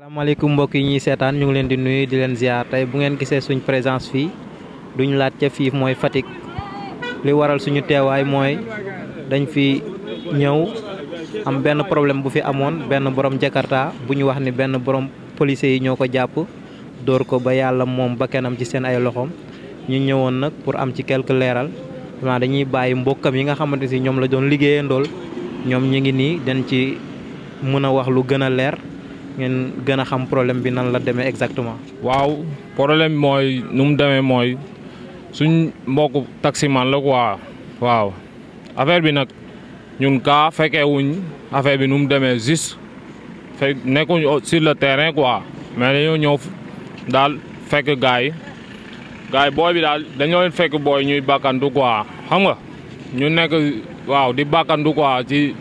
asalaamaaleykum mbokk yi ñuy seetaan ñu ngi leen di nuyu di leen ziar tey bu ngeen gisee suñ présence fii duñ laaj ca fii mooy Fatick li waral suñu teewaay mooy dañ fi ñëw am benn problème bu fi amoon benn borom Jakarta bu ñu wax ni benn borom policier yi ñoo ko jàpp dóor ko ba yàlla moom ba kenam ci seen ay loxoom ñu ñëwoon nag pour am ci quelque leeral xanaa dañuy bàyyi mbokkam yi nga xamante si ñoom la doon liggéeyandool ñoom ñu ngi nii dañ ci mën a wax lu gën a leer ngeen gën a xam problème bi nan la demee exactement. waaw bi mooy nu mu demee mooy suñ mbokku taximan la quoi waaw affaire bi nag ñun kaa fekkee wuñ affaire bi nu mu demee juste fekk nekkuñ sur le terrain quoi mais dañoo ñëw daal fekk gars yi gars yi booy bi daal dañoo leen fekk booy ñuy bàkkantu quoi xam nga ñu nekk waaw di bàkkantu quoi ci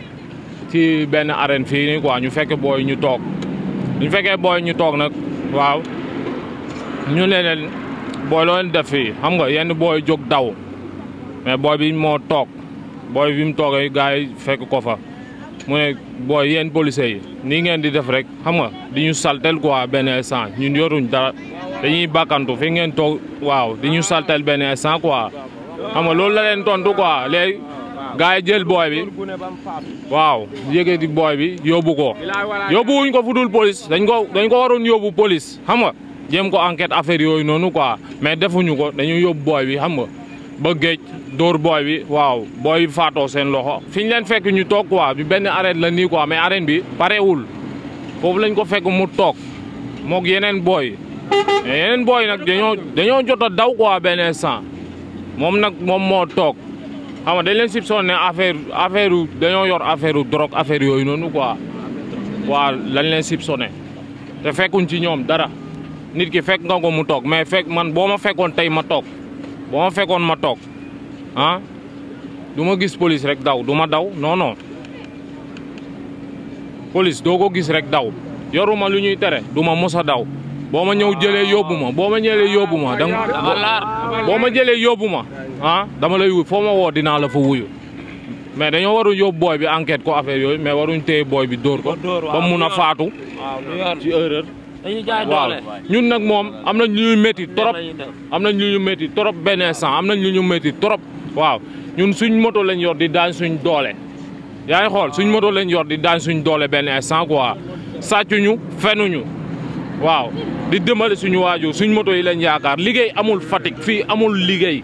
ci benn arène fii nii ñu fekk booy ñu toog. ñu fekkee booy ñu toog nag waaw ñu leen booy loo leen am nga yenn booy jóg daw mais booy bi moo toog booy bi mu toogee gars yi fekk ko fa mu ne booy yéen policiers yi nii ngeen di def rek xam nga di ñu saltel quoi benn instant ñun yoruñ da dañuy bàkkantu fi ngeen toog waaw di ñu saltel benn instant quoi xam nga loolu la leen tontu quoi léegi gaa yi jël booy bi waaw yége di booy bi yóbbu ko yóbbu ko ko dul police dañ ko dañ ko waroon yóbbu police xam nga jéem ko enquête affaire yooyu noonu quoi mais defuñu ko dañuy yóbbu booy bi xam nga ba géej dóor booy bi waaw booy bi faatoo seen loxo fiñ leen fekk ñu toog quoi bi benn arène la nii ko mais arène bi parewul foofu lañ ko fekk mu toog moog yeneen booy yeneen booy nag dañoo dañoo jot a daw quoi benn instant moom nag moom moo toog xam nga dañ leen ne affaire affaire dañoo yor affaire drogue affaire yooyu noonu quoi waa lañ leen soupçonné te fekkuñ ci ñoom dara nit ki fekk nga ko mu toog mais fekk man boo ma fekkoon tey ma toog boo ma fekkoon ma toog ah du ma gis police rek daw du ma daw non non police doo ko gis rek daw yoruma lu ñuy tere du ma mos a daw. boo ma ñëw jëlee yóbbu ma boo ma ñëlee yóbbu ma da boo ma jëlee yóbbu ma ah dama lay foo ma woo dinaa la fa wuyu mais dañoo waruñ yóbbu booy bi enquête ko affaire yooyu mais waruñ téye booy bi dóor ko ba mun a faatu ci erreur waaw ñun nag moom am nañ lu ñu métti trop am nañ lu ñu métti trop benn instant am nañ lu ñu métti trop waaw ñun suñ moto lañ yor di daañ suñ doole yaa ngi xool suñ moto lañ yor di daañ suñ doole benn instant quoi sàccuñu fenuñu waaw di dimbali suñu waajur suñ moto yi lañ yaakaar liggéey amul Fatick fii amul liggéey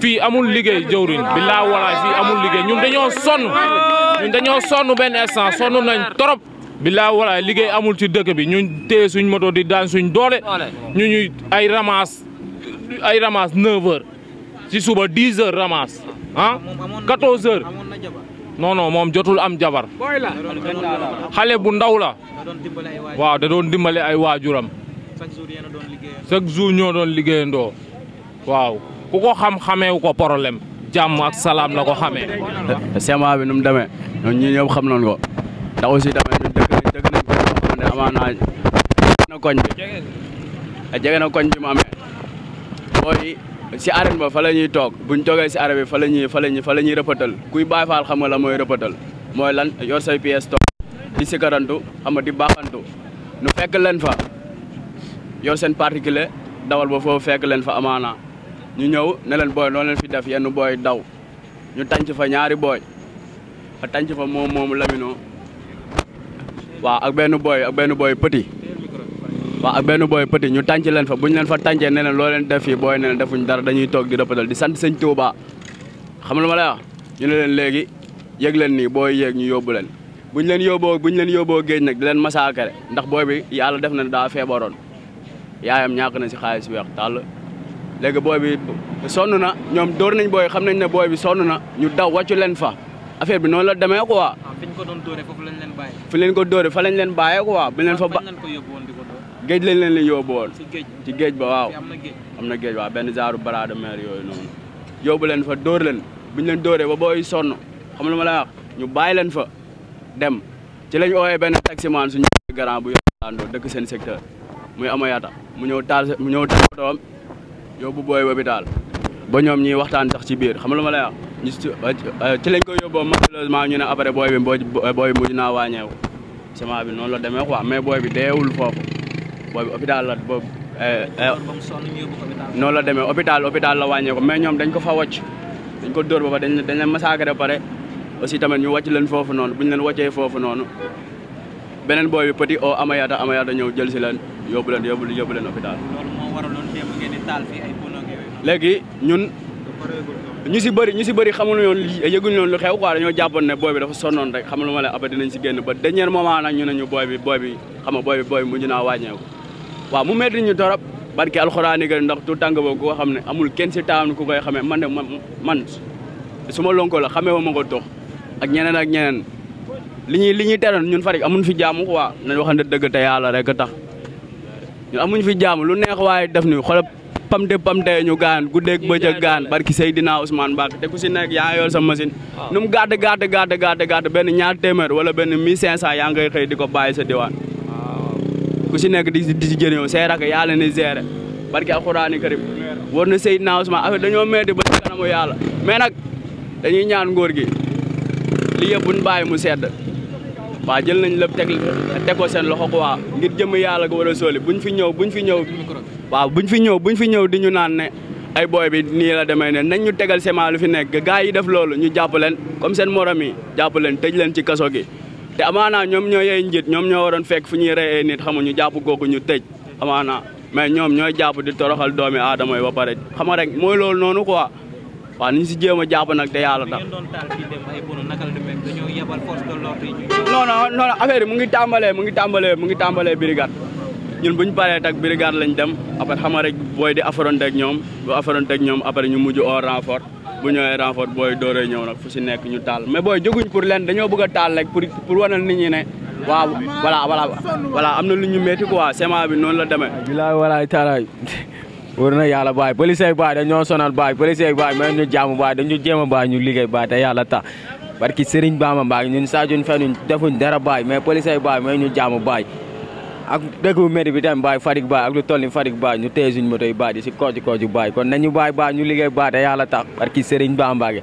fii amul liggéey jëwriñ billaa walaay fii amul liggéey ñun dañoo sonn ñun dañoo sonn benn instant sonn nañ trop billaa walaay liggéey amul ci dëkk bi ñun téye suñ moto di daan suñ doole ñu ñuy ay ramas ay ramas 9 heures ci suba 10 heures ramas ah 14 non non moom jotul am jabar. xale bu ndaw la. waaw da doon dimbale ay waajuram. chaque jour ñoo doon liggéeyandoo. waaw ku ko xam-xameewu ko problème jàmm ak salaam la ko xamee. sema bi nu mu demee ñun ñii ñëpp xam nañ ko ndax aussi tamit ñun dëgg dëgg nañ ko xamante amaana jege na koñ bi jege na koñ bi mu amee booy si arène ba fa la ñuy toog buñ toogee si arène bi fa la ñuy fa la fa la ñuy rëppatal kuy Baay Faal xam nga la mooy rëppatal mooy lan yor say pièces toog di sikarantu xam nga di baaxantu nu fekk leen fa yor seen particulier dawal ba foo fekk leen fa amaana ñu ñëw ne leen booy noo leen fi def yenn booy daw ñu tànc fa ñaari booy fa tànc fa moom moomu Lamino waa ak benn booy ak benn booy waaw ak benn booy petit ñu tànc leen fa bu leen fa tàncee ne leen loo leen def fii booy ne defuñ dara dañuy toog di rëppatal di sant sëñ Touba xam nga lu ma lay wax ñu ne leen léegi yëg leen nii booy yéeg ñu yóbbu leen buñ leen yóbboo buñ leen yóbboo géej nag di leen massacré ndax booy bi yàlla def na daa feebaroon yaayam ñàkk na si xaalis weex tàll léegi booy bi sonn na ñoom dóor nañ booy xam nañ ne booy bi sonn na ñu daw wàccu leen fa affaire bi noonu la demee quoi. waaw ah, fi ko doon dóoree foofu lañ leen leen ko dóoree fa lañ leen bàyyee quoi. bu fa ba géej lañ leen la si woon ci géej ba waaw am na géej waaw benn genre bras de mer yooyu noonu yóbbu leen fa dóor leen bu ñu leen dóoree ba booy sonn xam lu ma la ñu bàyyi leen fa dem ci lañ ooyee benn taximaan suñu garant bu yóbbu dëkk seen secteur muy amayata mu ñëw taal mu ñëw taal otoom yóbbu booy hôpital ba ñoom ñuy waxtaan sax ci biir xam lu ma lay wax ci lañ ko yóbboo malheureusement ñu ne après booy bi booy bi mujj naa wàññeeku semence bi noonu la demee quoi mais booy bi deewul foofu boobu hôpital la boobu. Eh, eh, noonu la demee hôpital hôpital la wàññeeku mais ñoom dañ ko fa wàcc dañ ko dóor ba dañ dañ leen massacré pare aussi tamit ñu wàcc leen foofu noonu bu ñu leen wàccee foofu noonu beneen booy bi o amayata amayata ñëw jël si leen yóbbu leen yóbbu yóbbu leen hôpital. loolu ñun ñu si bëri ñu si bëri xamuñu woon yëguñu woon lu xew quoi dañoo jàppoon ne booy bi dafa sonnoon rek xamuñu ma ne si génn ba dernier moment nag ñu ne ñu booy bi booy bi xam nga booy bi naa wàññeeku waaw mu metti ñu torop barki alxuraan yi ndax tout tànk boobu ko xam ne amul kenn si taam ku koy xamee man de man su ma lonko la xamee wa ma ko tox ak ñeneen ak ñeneen li ñuy li ñuy teroon ñun Fatick amuñ fi jaamu quoi nañ waxante dëgg te yàlla rek tax ñun amuñ fi jaamu lu neex waaye def nu xoolal pamte pamte ñu gaan guddeeg bëccëg gaan barki Seydina Ousmane Mbacke te ku si nekk yaa yor sa machine nu mu gàtt gàtt benn ñaar téeméer wala benn mille cinq cent yaa ngay xëy di ko bàyyi sa diwaan ku si nekk di di si jëriñoo say rakk yaa leen di gérer barki alxuraani karim war na Seydina Ousmane affaire dañoo metti ba si kanamu yàlla mais nag dañuy ñaan ngóor gi li yëpp buñ bàyyi mu sedd waaw jël nañ lépp teg teg ko seen loxo quoi ngir jëm yàlla ko war a sóoli buñ fi ñëw buñ fi ñëw waaw buñ fi ñëw buñ fi ñëw di ñu naan ne ay booy bi nii la demee ne nañ ñu tegal sement lu fi nekk gars yi def loolu ñu jàpp leen comme seen morom yi jàpp leen tëj leen ci kaso gi te amaanaa ñoom ñoo yey njit ñoom ñoo waroon fekk fu ñuy reyee nit xamuñu jàpp googu ñu tëj amaanaa mais ñoom ñooy jàpp di toroxal doomi aadama yi ba pare xama rek mooy loolu noonu quoi waaw ni ñu si jéem a jàpp nag te yàlla tax. non non non mu ngi tàmbalee mu ngi tàmbalee mu ngi tàmbalee brigade ñun bu ñu paree tak brigade lañ dem après xama rek booy di affronté ñoom bu affronté ak ñoom après ñu mujj au renfort. bu ñëwee renfort booy dooree ñëw na fu si nekk ñu taal mais booy jóguñ pour leen dañoo bëgg a taal rek pour pour wanal nit ñi ne waaw voilà voilà voilà am na lu ñu métti quoi sement bi noonu la demee bilaay walaay taalaay wër na yàlla baay policier baay dañoo sonal baay policier baay may ñu jaamu baay dañu jéem a baay ñu liggéey baay te yàlla tax barki Serigne Bamba baay ñun saajuñ fenuñ defuñ dara baay mais policier baay may ñu jaamu baay ak dëkku mairie bi tamit baay Fatick baay ak lu toll ni Fatick baay ñu téye suñu moto yi baay di si kooci kooci baay kon nañu baay baay ñu liggéey baay te yàlla tax barki Serigne Ba Mbacké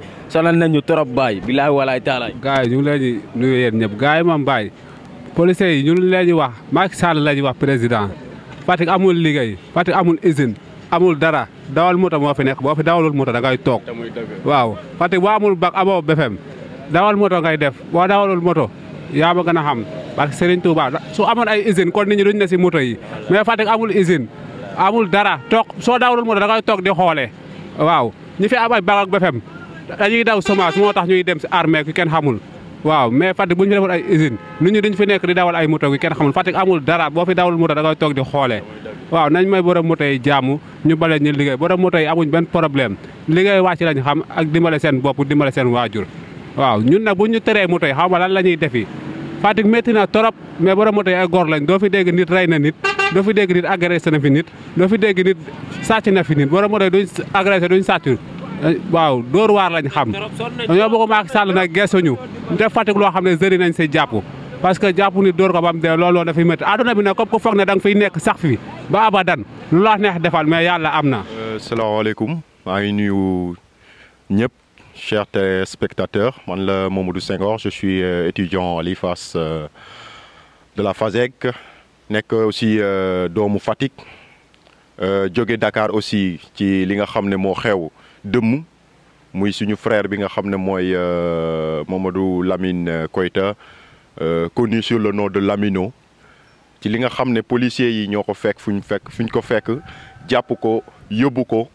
nañu trop baay bilaay walaay taalaay gars yi ñu ngi leen di nuyu yéen baay policiers yi ñu leen wax Macky Sall la wax président Fatick amul liggéey Fatick amul usine amul dara dawal moto moo fi nekk boo fi dawalul moto da ngay toog waaw Fatick boo amul bac amoo BFEM dawal moto ngay def boo dawalul moto yaa ma gën a xam parce que Serigne Touba su amoon ay usine kon nit ñu duñ ne si moto yi mais Fatick amul isin amul dara toog soo daawul moto da ngay toog di xoolee waaw ñi fi am ay bagag befem dañuy daw semence moo tax ñuy dem si armée ki kenn xamul waaw mais Fatick bu ñu fi deful ay usine nit ñi duñ fi nekk di dawal ay moto gi kenn xamul Fatick amul dara boo fi dawul moto da ngay toog di xoole waaw nañ may borom moto yi jaamu ñu bale ñu liggéey borom moto yi amuñ benn problème liggéey wàcc lañ xam ak dimbale seen bopp dimbale seen waajur waaw ñun nag bu ñu teree moto yi xaw ma lan la ñuy defi Fatick métti na trop mais borom moto yi ay góor lañ doo fi dégg nit rey na nit doo fi dégg nit agressé na fi nit doo fi dégg nit sàcc na fi nit borom moto yi duñ agressé duñ sàcc eh, waaw dóor waar lañ xam dañoo bëgg Macky Sall nag geesuñu def Fatick loo xam ne jëri nañ si jàpp parce que jàpp nit dóor ko ba mu dee looloo dafay métti adduna bi na comme ko foog ne da nga nekk sax fi ba abadan lu la neex defal mais yàlla am na. Euh, salaamaaleykum maa ngi nuyu ñëpp. te spectateur man la Mamadou Senghor je suis euh, étudiant à l'IFAS euh, de la FASEG nekk aussi euh, doomu Fatick jóge Dakar aussi ci li nga xam ne moo xew dëmm muy suñu frère bi nga xam ne mooy Mamadou Lamine Koita connu sur le nom de Lamino ci li nga xam ne policiers yi ñoo ko fekk fu ñu fekk fu ñu ko fekk jàpp ko yóbbu ko.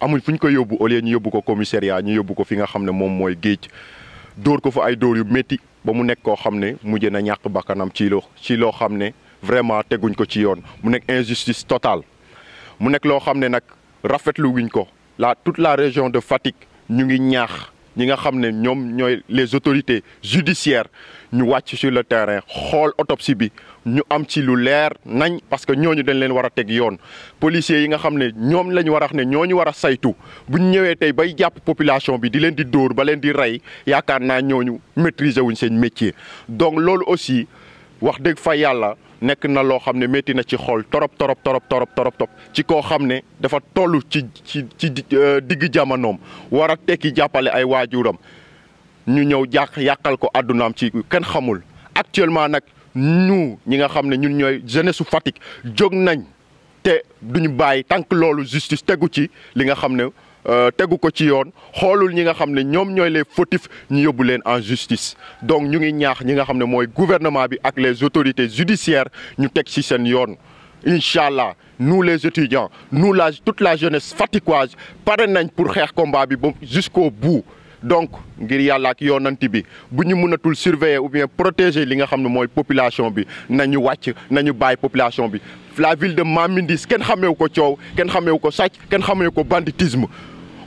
amuñ fu ñu koy yóbbu au lieu ñu yóbbu ko commissariat ñu yóbbu ko fi nga xam ne moom mooy géej dóor ko fa ay dóor yu métti ba mu nekk koo xam ne mujj na ñàkk bakkanam ci loo ci loo xam ne vraiment teguñ ko ci yoon mu nekk injustice totale mu nekk loo xam ne nag rafetlu wuñ ko la tout la région de Fatick ñu ngi ñaax ñi nga xam ne ñoom ñooy les autorités judiciaires ñu wàcc sur le terrain xool autopsie bi ñu am ci lu leer nañ parce que ñooñu dañ leen war a teg yoon policiers yi nga xam ne ñoom lañu war a wax ne ñooñu war a saytu bu ñu ñëwee tey bay jàpp population bi di leen di dóor ba leen di rey yaakaar naa ñu maîtriser wuñ seen métier donc loolu aussi wax dëgg fa yàlla nekk na loo xam ne métti na ci xool torop torop torop torop torop torop ci koo xam ne dafa tollu ci ci ci euh, digg jamonoom war a tekki jàppale ay waajuram ñu ñëw jàq yàqal ko àddunaam ci kenn xamul actuellement nag ñu ñi nga xam ne ñu ñooy jeunesse su Fatick jóg nañ te duñu bàyyi tant loolu justice tegu ci li nga xam ne Euh, tegu ko ci yoon xoolul ñi nga xam ne ñoom ñooy les fautifs ñu yóbbu leen en justice donc ñu ngi ñaax ñi nga xam ne mooy gouvernement bi ak les autorités judiciaires ñu teg ci seen yoon incha allah nu les étudiants nous toute la jeunesse faticoise pare nañ pour xeex combat bi ba jusqu'au bout donc ngir yàlla ak yoonanti bi bu ñu mënatul surveiller ou bien protégé li nga xam ne mooy population bi na nañu wàcc ñu bàyyi population bi la ville de Mamindis kenn xameewu ko coow kenn xameewu ko sàcc kenn xameewu ko banditisme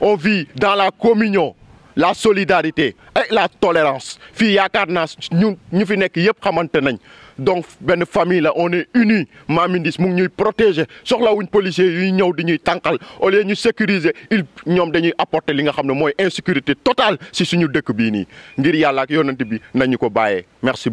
on vit dans la communion la solidarité et la tolérance fii yaakaar naa ñun ñu fi nekk yëpp xamante nañ donc benn famille la on est unis Mamy Ndiss mu ngi ñuy protéger soxlawuñ policiers yuy ñëw di ñuy tànqal au lieu ñu sécuriser il ñoom dañuy apporter li nga xam ne mooy insécurité totale si suñu dëkk bii nii ngir yàlla ak yonent bi nañu ko bàyyee merci